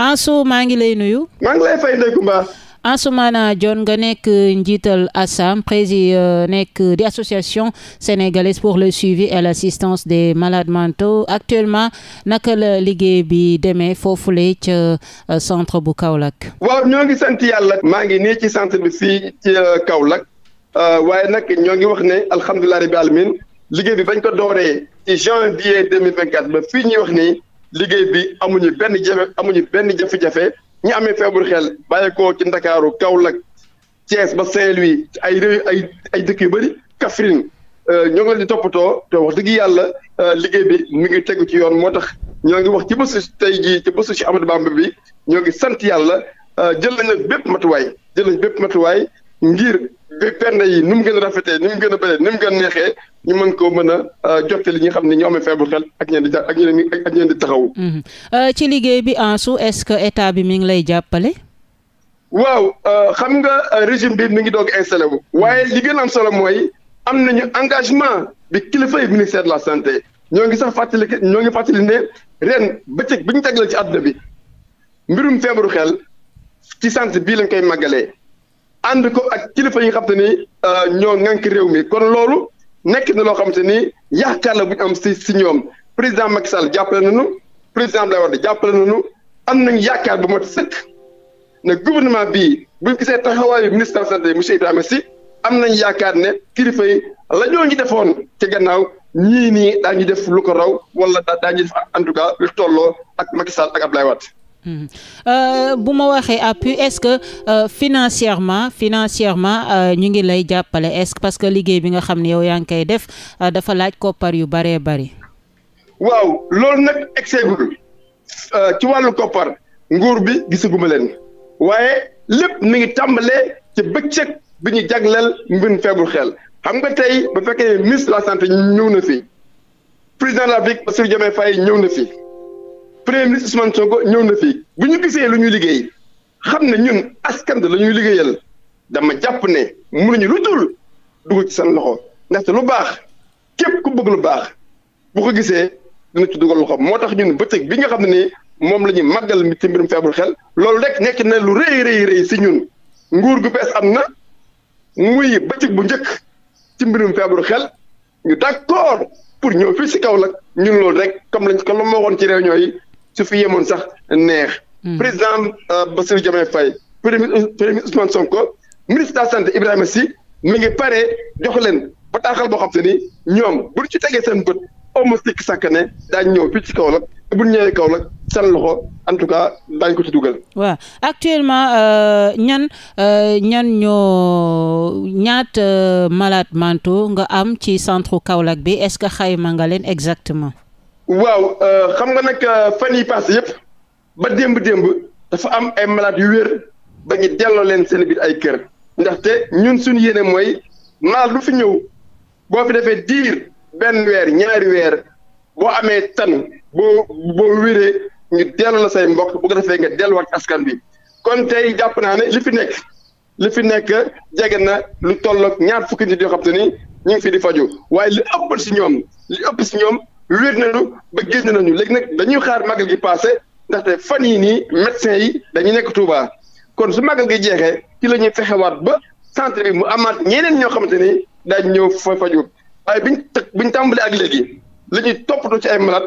Ansou maa ngi lay nuyu. maa ngi lay fay Ndeye Comba. Ansoumana Dione nga nekk njiital ASSAMM prési euh, nekk di association sénégalaise pour le suivi et l'assistance des malades mentaux actuellement naka la liggéey bi demee foofule ca euh, centre bu kawlak waaw ñoo ngi sant yàlla. maa ngi nii ci centre bi fii ci euh, Kaolack waaye nag ñoo ngi wax ne alhamdulilah rabbi alamin liggéey bi bañ ko dooree ci janvier ba fii ñuy wax nii. liggéey bi amuñu benn jafe amuñu benn jafe-jafe ñi amee feebar xel bàyyeekoo ci Ndakaaru Kaolack Thiès ba Saint-Louis ay réew ay ay dëkk yu bëri Kaffrine euh, ñoo ngi leen di toppatoo te wax dëgg yàlla euh, liggéey bi mu ngi tegu ci yoon moo tax ñoo ngi wax ci bésu tey jii ci bésu si Amadou Bamba bi ñoo ngi sant yàlla euh, jël nañ bépp matuwaay jël nañ bépp matuwaay ngir. bi perne yi ni mu gën a rafetee ni mu gën a bëree ni mu gën a neexee ñu mën koo mën a euh, jottali ñi xam ne ñoo amee feebar xel ak ñeen di ak ñeen ak ñeen di taxawu. Mm-hmm. Euh, ci liggéey bi Ansu est-ce que état bi mi ngi lay jàppale. waaw euh, xam nga régime bi mi ngi doog installé wu. Mm-hmm. waaye li gën a am solo mooy am nañu engagement bi kilifa yi ministère de la santé ñoo ngi sax fàttali ñoo ngi fàttali ne ren bëccëg bi ñu teglal ci àdduna bi mbirum feebaru xel ci sant bii lañ koy màggalee. ànd ko ak kilifa yi xam te ni euh, ñoo ŋànk réew mi kon loolu nekk na loo xam te ni yaakaar la bu am si si ñoom président Macky Sall na nañu président Abdoulaye Wade jàppale nañu am nañu yaakaar bu mot sëkk ne gouvernement bii bu ñu gisee taxawaayu ministre de la santé monsieur Ibrahima Sy am nañu yaakaar ne kilifa yi la ñoo ñu defoon ci gannaaw ñii nii daañu def lu ko raw wala daañu def en tout cas lu tolloo ak Macky Sall ak Abdoulaye Mhm. Euh, bu ma waxee appui est-ce que euh, financièrement financièrement euh, ñu ngi lay jàppale est-ce parce que liggéey bi nga xam ne yow yaa ngi koy def euh, dafa laaj koppar yu bëree bëri. waaw loolu nag exeegul ci wàllu koppar nguur bi gisaguma leen waaye lépp mi ngi tàmbalee ci bëccëg bi ñu jagleel mbirum feebul xel xam nga tey ba fekkee ministre la santé ñëw na fi président de la République Bassirou Diomaye ñëw na fi. premier ministre Ousmane ñëw na fii bu ñu gisee lu ñuy liggéey xam ne ñun askan bi la ñuy liggéeyal dama jàpp ne mënuñu lu dul dugg ci seen loxo ndaxte lu baax képp ku bëgg lu baax bu ko gisee dina ci dugal loxo moo tax ñun bëccëg bi nga xam ne moom la ñuy màggal mi ci mbirum feebul xel loolu rek nekk na lu rëy rëy rëy si ñun nguur gu bees am na muy bëccëg bu njëkk ci mbirum feebul xel ñu d'accord pour ñëw fii si Kaolack ñun loolu rek comme lañ ko la ma ci réunion yi su fi yemoon sax neex. Hmm. président euh, Bassirou Diomaye Faye premier euh, premier Ousmane Sonko ministre de santé Ibrahima Sy mi ngi pare jox leen bataaxal boo xam te ñoom bu ñu ci tegee seen bët omo sikk sàkk ne ñëw fii ci Kaolack bu ñu ñëwee Kaolack seen loxo en tout cas daañu ko ci dugal. waa actuellement euh, ñan ñan ñoo ñaat malade mentaux nga am ci centre Kaolack bi est-ce que xayma nga leen exactement. waaw euh, xam nga nag euh, fan yi passé yëpp ba démb-démb dafa am ay malade yu wér ba ñu delloo leen seen biir ay kër ndaxte ñun suñ yéene mooy malade lu fi ñëw boo fi defee diir benn weer ñaari weer boo amee tan boo boo wéree ñu delloo la say mbokk bu ko defee nga delluwaat askan bi kon tey jàpp naa ne li fi nekk li fi nekk jege na lu tolloog ñaar fukki ni yoo xam te ni ñu fi di faju waaye li ëpp si ñoom li ëpp si ñoom wér nañu ba génn nañu léegi nag dañuy xaar màggal gi passé ndaxte fan yi nii médecin yi dañuy nekk Touba kon su magal gi jeexee ci la ñuy fexewaat ba centre bi mu amaat ñeneen ñoo xamante ni daañu ñëw fa faju waaye biñ tëg biñ tàmbalee ak léegi li ñuy toppatoo ci ay malaat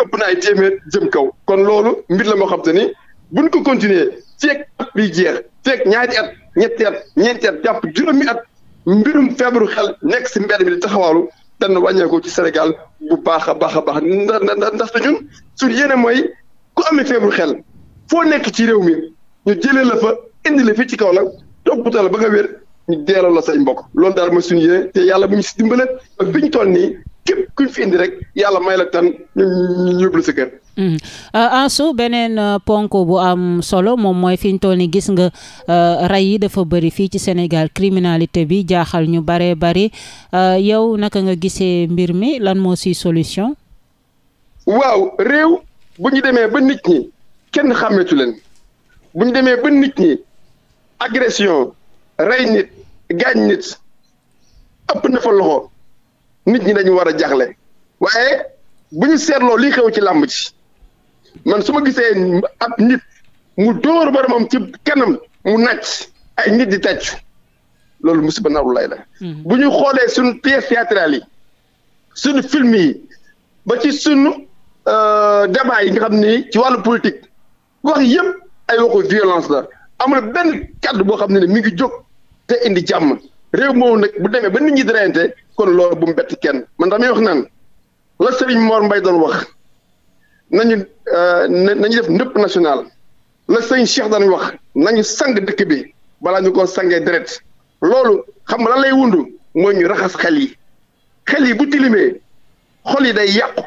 ëpp na ay téeméer jëm kaw kon loolu mbir la moo xamante ni buñ ko continuer feeg at bi jeex feeg ñaari at ñetti at ñeenti at jàpp juróomi at mbirum feebaru xel nekk si mbedd mi di taxawaalu na wàññeeku ci Sénégal bu baax a baax a baax ndax ndax ñun suñu yéene mooy ku amee feebaru xel foo nekk ci réew mi ñu jëlee la fa indi la fii ci kaw la toppatoo la ba nga wér ñu deelal la sañ mbokk loolu daal mooy suñu te yàlla mu ñu si dimbale ba bi ñu toll nii képp kuñ fi indi rek yàlla may la tan ñu ñu yóbbu la en mm-hmm. uh, Ansu beneen uh, ponk bu am solo moom mooy fi ñu ni gis nga uh, rey yi dafa bëri fii ci Sénégal criminalité bi jaaxal ñu baree bari yow naka nga gisee mbir mi lan moo si solution. waaw réew bu ñu demee ba nit ñi kenn xàmmetu leen bu ñu demee ba nit ñi agression rey nit gaañ nit ëpp na fa loxo nit ñi dañu war a jaxle waaye bu ñu seetloo li xew ci làmb ci man su ma gisee ab nit mu dóor boromam ci kanam mu nàcc ay nit di tàccu loolu musiba naru lay la. Hmm. bu ñu xoolee suñu pièces théâtrales yi suñu film yi ba ci suñu euh, débat yi nga xam ni ci wàllu politique wax yëpp ay waxu violence la amul benn kàddu boo xam ne mi ngi jóg te indi jàmm réew moom nag bu demee ba nit ñi di kon loolu bu mu bett kenn man damay wax naan la Serigne Mor mbay doon wax. nañu euh, nañu def ndëpp national la sëñ Cheikh daan wax nañu sang dëkk bi balaa ñu ko sangee deret loolu xam nga lan lay wundu mooy ñu raxas xel yi xel yi bu tilimee xool yi day yàqu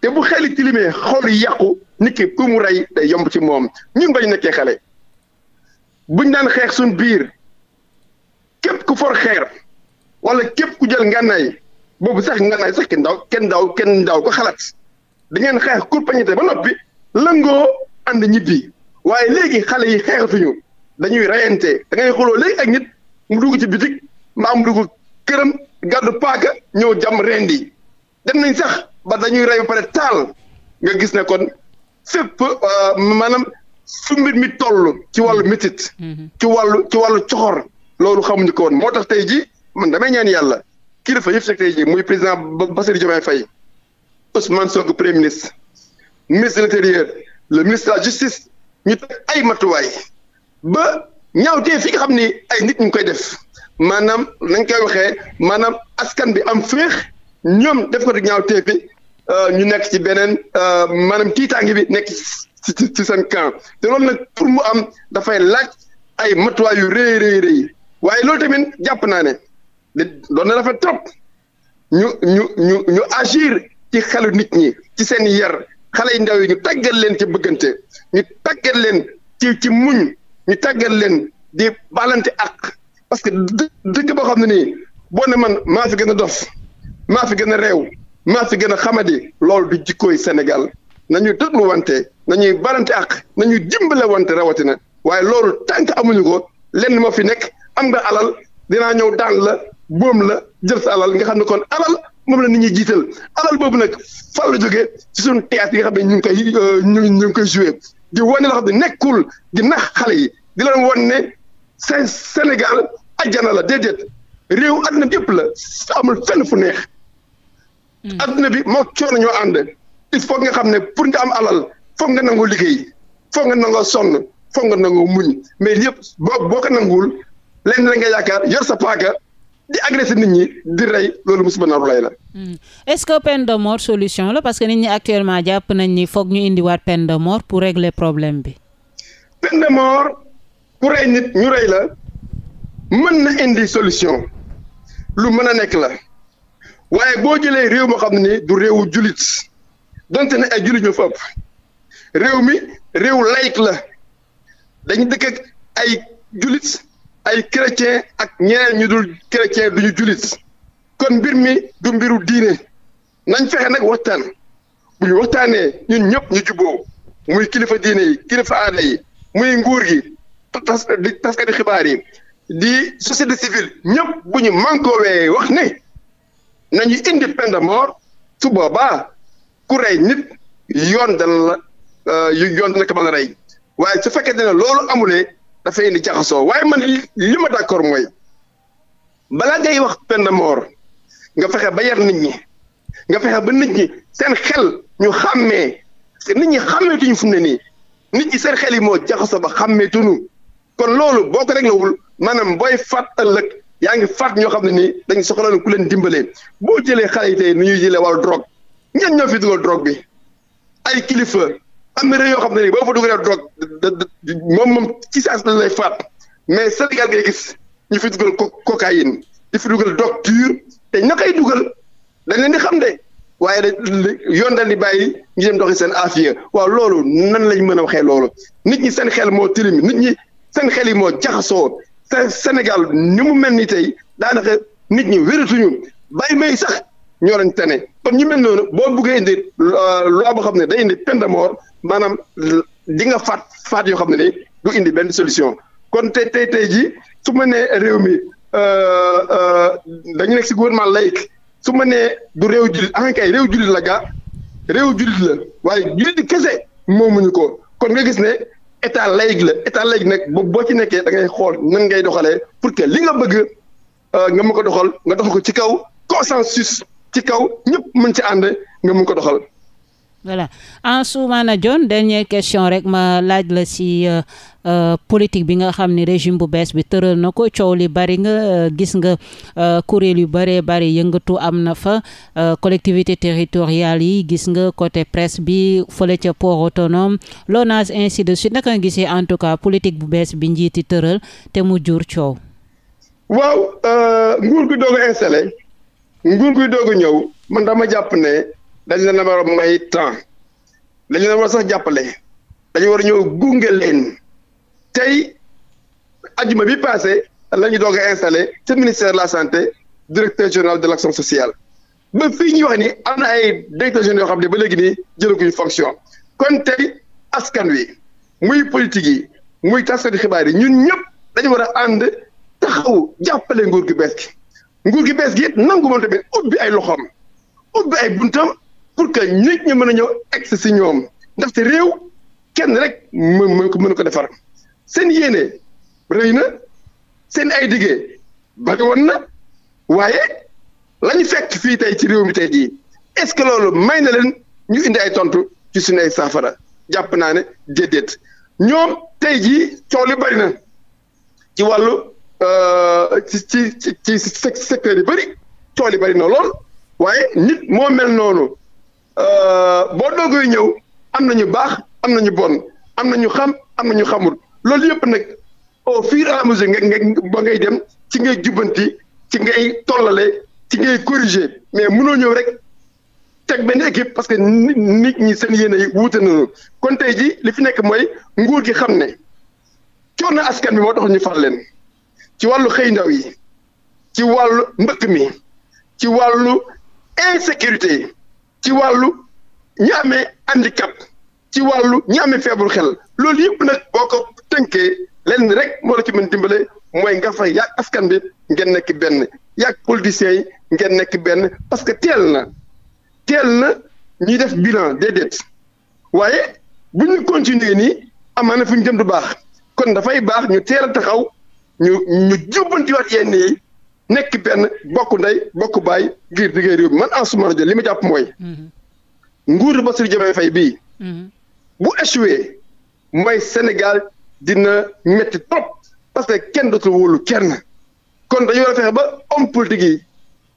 te bu xel yi tilimee xool yi yàqu nit ki ku mu rey day yomb ci moom ñun bañ nekkee xale buñ daan xeex suñ biir képp ku for xeer wala képp ku jël ngànnaay boobu sax ngànnaay sax kenn ndaw kenn daaw kenn daaw ko xalaat da ngeen xeex kurpañete ba noppi lëngoo ànd ñibbi waaye léegi xale yi xeexatuñu dañuy reyante da ngay xuloo léegi ak nit mu dugg ci bitik mbaa mu dugg këram gàddu paaka ñëw jàmm rendi dem nañ sax ba dañuy rey ba pare taal nga gis ne kon fépp euh, maanaam su mbir mi toll ci wàllu métit mhm. ci wàllu ci wàllu coxoor loolu xamuñu ko woon moo tax tey ji man damay ñaan yàlla kilifa yëf sek tey ji muy président Bassirou Diomaye Faye Ousmane Sonko premier ministre ministre de l'intérieur le ministre de la justice ay matuwaay ba ñaawtee fi nga xam ni ay nit ñu koy def maanaam nañ koy waxee maanaam askan bi am féex ñoom def ko di ñaawtee fi euh, ñu nekk ci beneen euh, maanaam tiitaange bi nekk ci ci seen camp te loolu nag pour mu am dafay laaj ay matuwaay yu rëy rëy rëy waaye loolu tamit jàpp naa ne doon na rafet trop ñu ñu ñu ñu agir ci xelu nit ñi ci seen yar xale yu ndaw yi ñu tàggal leen ci bëggante ñu tàggal leen ci ci muñ ñu tàggal leen di balante ak parce que dëkk boo xam ne nii boo ne man maa fi gën a dof maa fi gën a réew maa fi gën a xamadi loolu du jikkooy Sénégal nañuy déglu wante nañuy balante ak nañuy dimbale wante rawatina waaye loolu tànk amuñu ko lenn moo fi nekk am nga alal dinaa ñëw daan la boom la jël sa alal nga xam ne kon alal moom la nit ñi jiital alal boobu nag fan la joge ci suñu théâtre yi nga xam ne ñu ngi koy ñu ngi ñu koy joué di wane loo xam ne nekkul di nax xale yi di leen wan ne seen Sénégal ajjana la déedéet réew adduna bi yëpp la amul fenn fu neex. adduna hmm. bi moo coono ñoo ànd. il faut nga xam ne pour nga am alal foog nga nangu liggéey foog nga nangoo sonn foog nga nangoo muñ mais yëpp boo boo ko nanguwul lenn la nga yaakaar yor sa paaka. di agressé nit ñi di rey loolu musiba naru lay la. Hmm. est-ce que peine de mort solution la parce que nit ñi actuellement jàpp nañ ñi foog ñu indiwaat peine de mort pour régler problème bi. peine de ku rey nit ñu rey la mën na indi solution lu mën a nekk la waaye boo jëlee réew moo xam ne du réewu jullit donte ne ay jullit ñu fa réew mi réew laïc la dañu dëkk ak ay jullit. ay chrétien ak ñeneen ñu dul chrétien du ñu jullit kon mbir mi du mbiru diine nañ fexe nag waxtaan bu ñu waxtaanee ñun ñëpp ñu jubboo muy kilifa diine yi kilifa aada yi muy nguur gi tas di taskati xibaar yi di société civile ñëpp bu ñu mànkoowee wax ne nañu indi peine de ku rey nit yoon dana la euh, yoon dana ko mën a rey waaye su fekkee ne lool amulee dafay indi jaxasoo waaye man li ma d'accord mooy balaa ngay wax peine nga fexe ba yar nit ñi nga fexe ba nit ñi seen xel ñu xàmmee parce nit ñi xàmmeetuñu fu mu ne nii nit ñi seen xel yi moo jaxasoo ba xàmmeetuñu kon loolu boo ko réglewul maanaam booy faat ëllëg yaa ngi faat ñoo xam ne nii dañ soxla ku leen dimbalee boo jëlee xale yi tey nu ñuy jëlee wàllu drogue ñenn ñoo fi dugal drogue bi ay kilifa. am na yoo xam ne nii boo fa dugalee drogue moom moom ci saa si dañ lay faat mais Sénégal ngay gis ñu fi dugal co cocaïne di fi dugal drogue dure te ña koy dugal dañ leen di xam de waaye da yoon dañ di bàyyi ñu dem doxi seen afiya waaw loolu nan lañ mën a waxee loolu nit ñi seen xel moo tilim nit ñi seen xel yi moo jaxasoo Sénégal ni mu mel ni tey daanaka nit ñi wératuñu bàyyi may sax ñoo leen tane kon ñu mel noonu boo buggee indi euh, loi boo xam ne day indi peine de maanaam di nga faat faat yoo xam ne ni du indi benn solution kon te tey tey jii su ma nee réew mi euh, euh, dañu nekk si gouvernement laïque su ma nee du réew jullit en ah, kay réew jullit la gaa réew jullit la waaye jullit kese moomuñu ko kon nga gis ne état laïque la état laïque nag boo ci nekkee da ngay xool nan ngay doxalee pour que li nga bëgg euh, nga mën ko doxal nga doxal ko ci kaw consensus ci kaw ñëpp mën ci ànd nga mën ko doxal voilà Ansoumana ah, Dione dernière question rek ma laaj la si euh, euh politique bi nga xam ne régime bu bees bi tëral na ko coow li bari nga euh, gis nga euh, kuréel yu bëree bari yëngatu am na fa euh, collectivité territoriale yi gis nga côté presse bi fële ca port autonome LONASE ainsi de suite naka nga gisee en tout cas politique bu bees bi njiiti tëral te mu jur coow. waaw nguur gi doog a nguur gi doog ñëw man dama jàpp ne. dañ leen a war a may temps dañ leen a sax jàppale dañu war a ñëw gunge leen tey ajuma bi passé la ñu doog installé ci ministère de la santé directeur général de l' action sociale ba fii ñuy wax ni am na ay directeur général yoo xam ne ba léegi nii jëlaguñu fonction kon tey askan wi muy politique yi muy taskati xibaar yi ñun ñëpp dañu war a ànd taxaw jàppale nguur gi bees gi nguur gi bees gi it nangu moom tamit ubbi ay loxoom ubbi ay buntam pour que nit ñi mën a ñëw egsi si ñoom ndaxte réew kenn rek mën ko mën ko defar seen yéene rëy na seen ay diggé bari woon na waaye la ñu fekk fii tey ci réew mi tey jii est-ce que loolu may na leen ñu indi ay tontu ci suñu ay saafara jàpp naa ne déedéet ñoom tey jii coow li bari na ci wàllu euh, ci ci ci ci secteur yi bari coow bari na lool waaye nit moo mel noonu. Euh, boo doogee ñëw am na ñu baax am na ñu bon am na ñu xam am na ñu xamul loolu yëpp nag au fur et à mesure ba ngay dem ci ngay jubbanti ci ngay tollale ci ngay corriger mais mënoo ñëw rek teg benn équipe parce que nit ñi seen yéene yi wuute nañu kon tey ji li fi nekk mooy nguur gi xam ne coono askan bi moo tax ñu far leen ci wàllu xëy ndaw yi ci wàllu mbëkk mi ci wàllu insécurité ci wàllu ñi amee handicap ci wàllu ñi amee feebaru xel loolu yëpp nag boo ko tënkee lenn rek moo la ci mën dimbale mooy nga fa yàq askan bi ngeen nekk benn yàq politiciens yi ngeen nekk benn parce que teel na teel na ñuy def bilan déedéet waaye bu ñu continuer nii amaana fu ñu jëm du baax kon dafay baax ñu teel a taxaw ñu ñu jubbantiwaat yenn yi nekk benn bokk ndey bokk baay ngir liggéey réew mi man Ansoumana Dione li ma jàpp mooy. Mhm. nguur Bassirou Diomaye Faye bii. Mhm. bu échoué mooy Sénégal dina métti trop parce que kenn dootul wóolu kenn. kon dañu war a fexe ba homme politique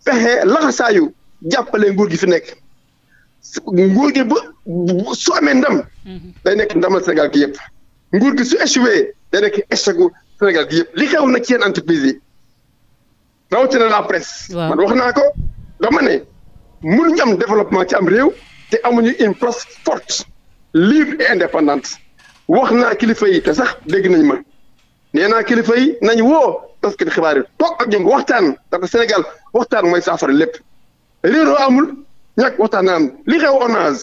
fexe laxasaayu jàppale nguur gi fi nekk nguur gi bu su amee ndam. Mhm. day nekk ndamal Sénégal gi yëpp. nguur gi su échoué day nekk échec Sénégal gi yëpp li xew na ci yenn entreprise yi. rawatina la presse. man wax naa ko dama ne mënuñu am développement ci am réew te amuñu une presse forte libre et indépendante wax na kilifa yi sax dégg nañ ma nee naa kilifa yi nañ woo parce que xibaar yi toog ak ñoom waxtaan parce que Sénégal waxtaan mooy saafara lépp réeroo amul ñàkk waxtaan am li xew onage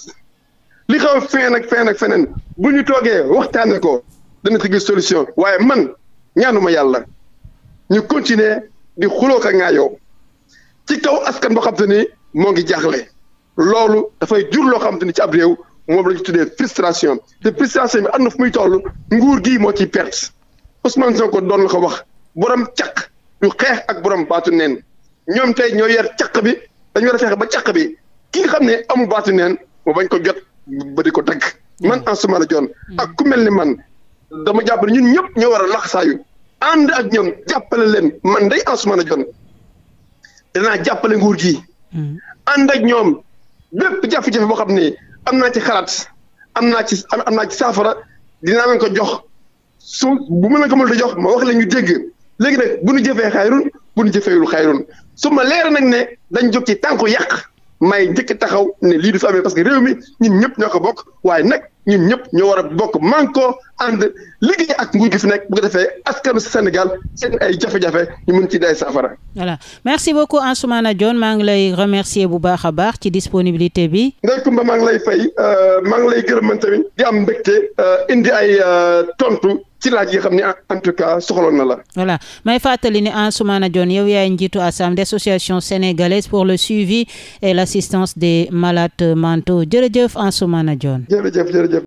li xew fenn ak fenn ak feneen bu ñu toogee waxtaanee ko dana ci gis solution waaye man ñaanuma yàlla ñu continuer. di xuloo ka ŋaayoo ci kaw askan boo xam ni moo ngi jaaxle loolu dafay jur loo xam ni ci ab réew moom la ñu tuddee frustration te frustration bi am na fu muy toll nguur gi moo ciy perte Ousmane ko doon la ko wax borom caq yu xeex ak borom baatu neen ñoom tey ñoo yer caq bi dañu war a fexe ba caq bi ki xam ne amu baatu neen moo bañ ko jot ba di ko dagg man Ansoumana Dione ak ku mel ni man dama jàpp ne ñun ñëpp ñoo war a saayu ànd ak ñoom jàppale leen man day Ansoumana Dione danaa jàppale nguur gi. Hmm. ànd ak ñoom bépp jafe-jafe boo xam ni am naa ci xalaat am naa ci am naa ci saafara dinaa leen ko jox su bu ma la ko mënut jox ma wax la ñu dégg léegi nag bu ñu jëfee xayrun bu ñu jëfeewul xayrun su ma leer nag ne dañ jóg ci tànku yàq. may njëkk taxaw ne lii du fi amee parce que réew mi ñun ñëpp ñoo ko bokk waaye nag ñun ñëpp ñoo war a bokk mànkoo ànd liggéey ak nguur gi fi nekk bu ko defee askanu Sénégal seen ay jafe-jafe ñu mun ci day saafara. voilà merci beaucoup Ansoumana Dione maa ngi lay remercier bu baax a baax ci disponibilité bi. Ndeye Comba maa ngi lay fay euh, maa ngi lay gërëm mën tamit di am mbégte euh, indi ay euh, tontu. ci laaj yi xam ne en tout cas soxaloon na la. voilà may fàttali ne Ansoumana Dione yow yaay njiitu assemblée association sénégalaise pour le suivi et l' assistance des malades mentaux jërëjëf Ansoumana Dione. jërëjëf